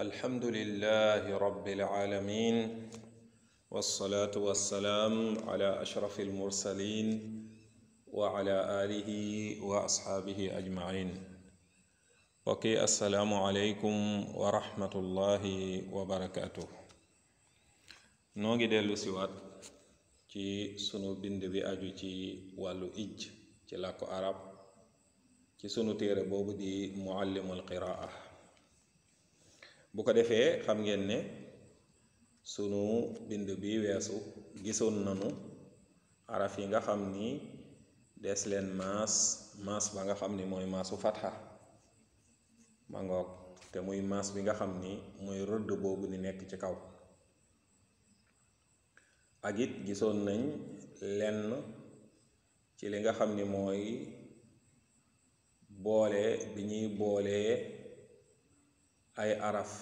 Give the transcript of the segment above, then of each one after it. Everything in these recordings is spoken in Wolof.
الحمد لله رب العالمين والصلاة والسلام على أشرف المرسلين وعلى آله وأصحابه أجمعين وكي السلام عليكم ورحمة الله وبركاته نوغي ديلو سيوات ci سنو بند bi aju ci wàllu ij ci làkku arab ci sunu téere boobu di muallimul qiraa bu ko defee xam ngeen ne sunu bind bi weesu gisoon nanu araf yi nga xam ni des leen maas maas ba nga xam ni mooy maasu fatxa ma ngoog te muy maas bi nga xam ni mooy rëdd boobu di nekk ci kaw ak it gisoon nañ lenn ci li nga xam ni mooy boole bi ñuy boolee ay araf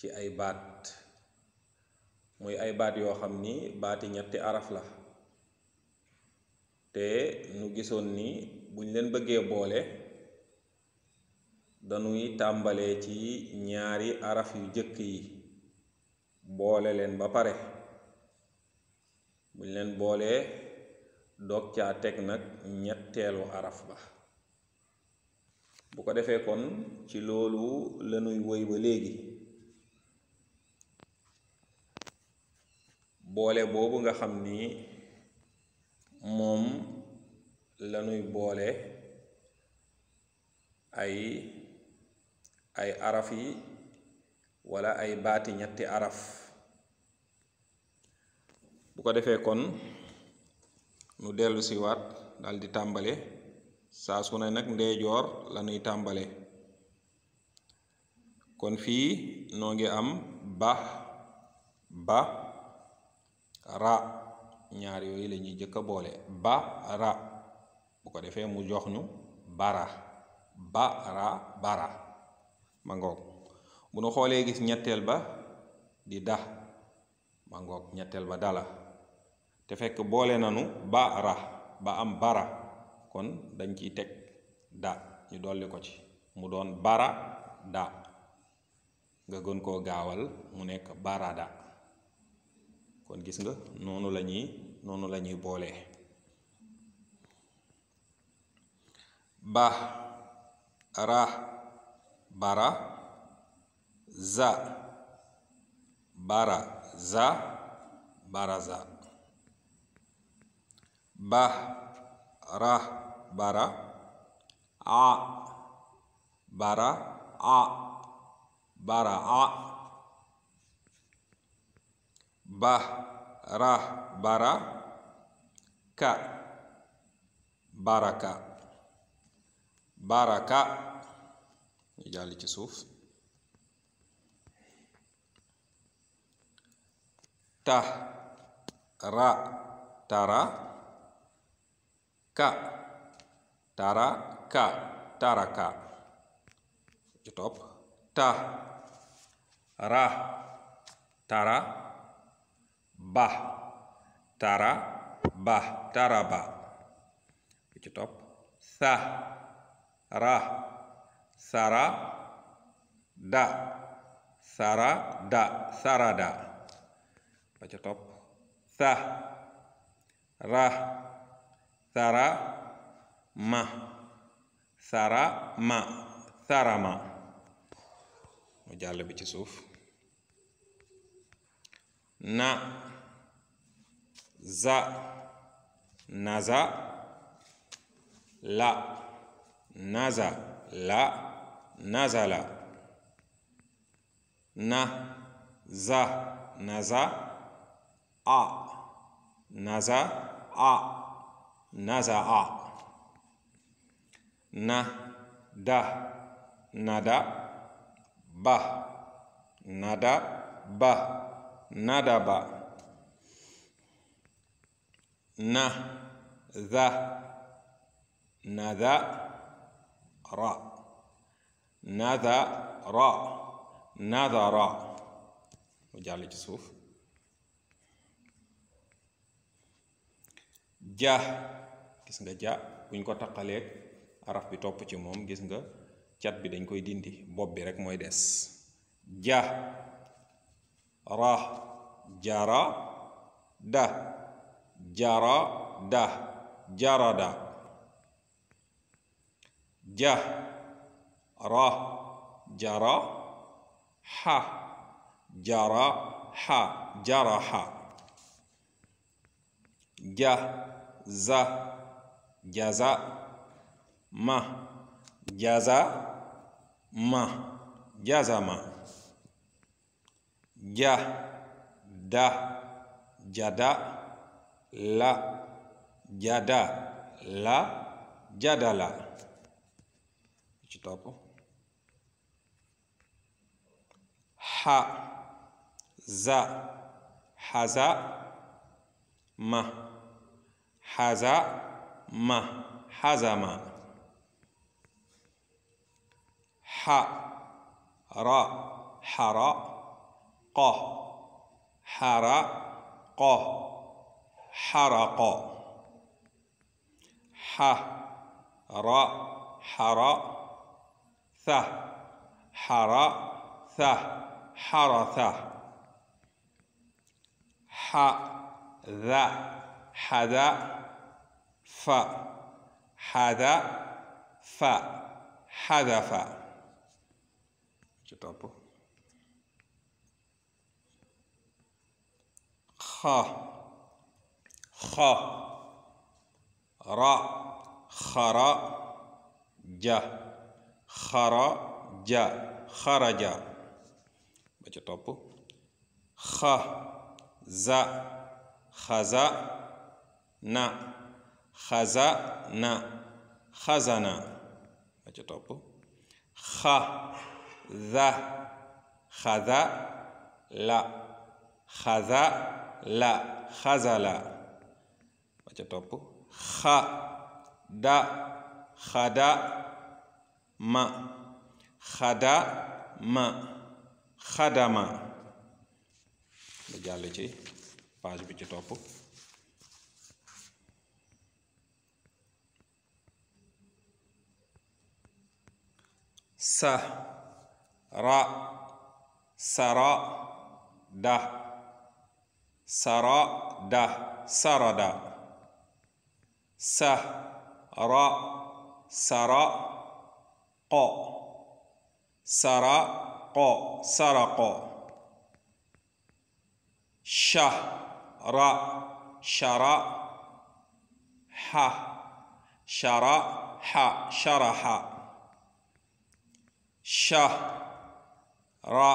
ci ay baat muy ay baat yoo xam ni baati ñetti araf la te nu gisoon ni buñ leen bëggee boole danuy tàmbalee ci ñaari araf yu jëkk yi boole leen ba pare buñ leen boolee dog caa teg nag ñetteelu araf ba bu ko defee kon ci loolu lanuy woy ba léegi boole boobu nga xam ni moom lanuy boole ay ay araf yi wala ay baati ñetti araf bu ko defee kon nu dellu si waat dal di tàmbale saa su ne nag ndeyjoor lanuy tàmbale kon fii noo ngi am ba ba ra ñaar yooyu la ñuy jëkk a boole ba ra bu ko defee mu jox ñu bara ba ra bara ma bu nu xoolee gis ñetteel ba di da ma ngoog ñetteel ba dala te fekk boole nanu ba ra ba am bara kon dañ ciy teg da ñu dolli ko ci mu doon bara da nga gën koo gaawal mu nekk barada da kon gis nga noonu la ñuy noonu la ñuy boolee ba ra bara za bara za bara za ba ra bara a bara a bara a, bara, a bah rah bara ka baraka baraka ñu jall ci suuf ta ra tara ka tara ka taraka ci top ta ra tara ba tara ba tara ba bi ci topp sa ra sara da sara da sara da ba ci topp sa ra sara ma sara ma sara ma mu jàll bi ci suuf na za naza la naza la nazala na za naza a naza a naza a na da nada ba nada ba nada ba na dha na dha ra na dha ra na dha ra ujali jisuf ja gis nga ja buñ ko takalek araf bi top ci mom gis nga chat bi dañ koy dindi bob bi rek moy dess ja ra jara da jara dah jarada jah rah jara ha jara ha jaraha jah zah jaza mah jaza mah jaza mah jah dah jada' لا جدا لا جدلا kita apa ha za haza ma haza ma hazama ha ra hara qah hara qah حرق ح ر حر ث حر ث حرث ح ذ حذ ف حذ ف حذف خ خ را خرا جا خرا جا خرا جا بچا توپو خ ز خزا نا خزا نا خزنا بچا توپو خ زا خذا لا خذا لا خذا لا. baca top kha da khada ma khada ma khadama da jall ci page bi ci top sa ra sara da sara da sarada سه را سرا ق سرا ق سرا ق شه را شرا ح شرا ح شرا ح شه را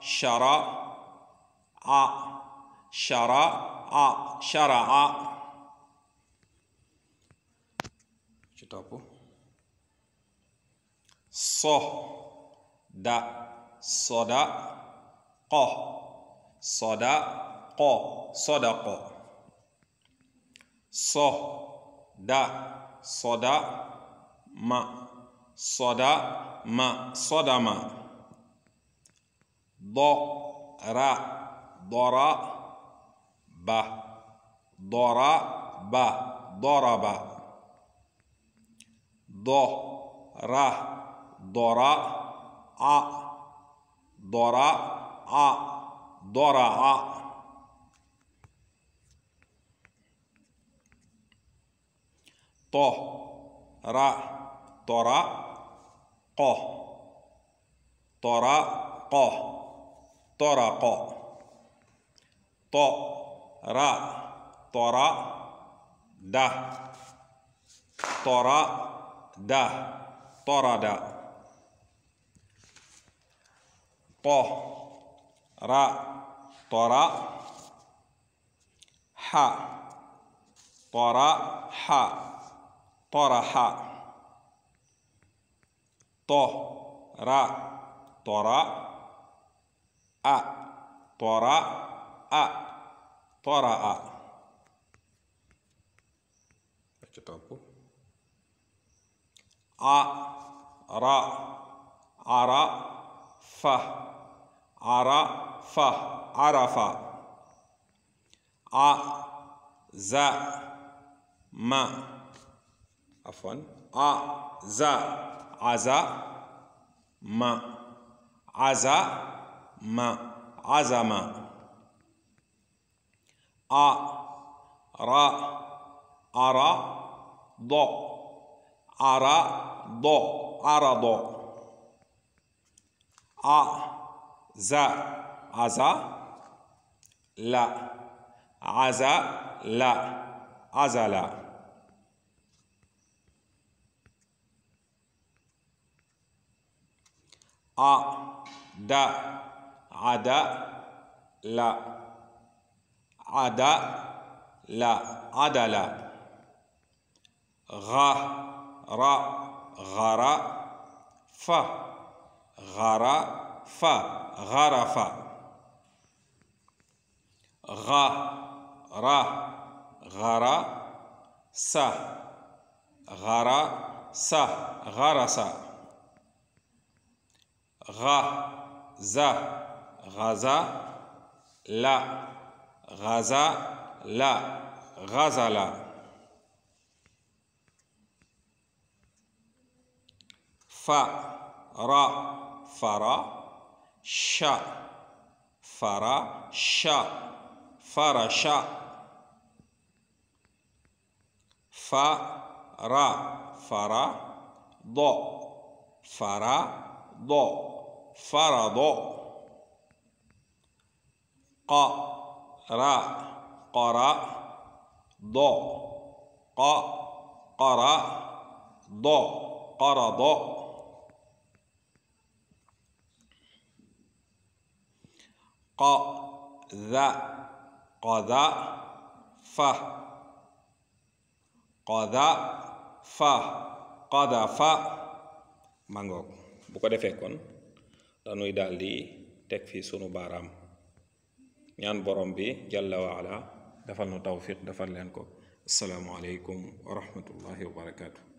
شرا ع شرا ع شرع, شرع, Deixa eu tomar por. Só. Da. Só da. Có. Só da. Có. Só da. Có. Só. Da. Só da. Ma. Só da. Ma. Só da. Ma. Dó. Ra. Dó. Ra. Ba. Dó. Ra. Ba. Dó. Ra. Ba. Dó. Ra. Ba. Dó. Ra. Ba. ض ر ضرع ع ضرع ع ضرع ط ر طرع ق طرع ق طرق ط ر طرع ده طرق dah torada toh ra tora ha tora ha tora ha toh ra tora a tora a tora a macam apa ع ر ع ر ف ع ر ف ز م عفوا ع ز ع ز م ع ز م عزم ع ر أرى ضع أرى ض عرض ع ز عزا لا عزا لا عزل ع د عدا لا عدا لا عدلا غ ر غرا ف غرا ف غرف غ را غرا س غرا س غرس غ ز غزا لا غزا لا لا ف را فرا ش فرا ش فرش ف را فرا ض فرا ض فرض ق را قرأ ض ق قرأ ض قرض ق ذا قذا ف قذا ف قذا ف مانغوك بوكو ديفه كون دا نوي دالدي تك في سونو بارام نيان بوروم بي جل وعلا دافال نو توفيق دافال لين السلام عليكم ورحمه الله وبركاته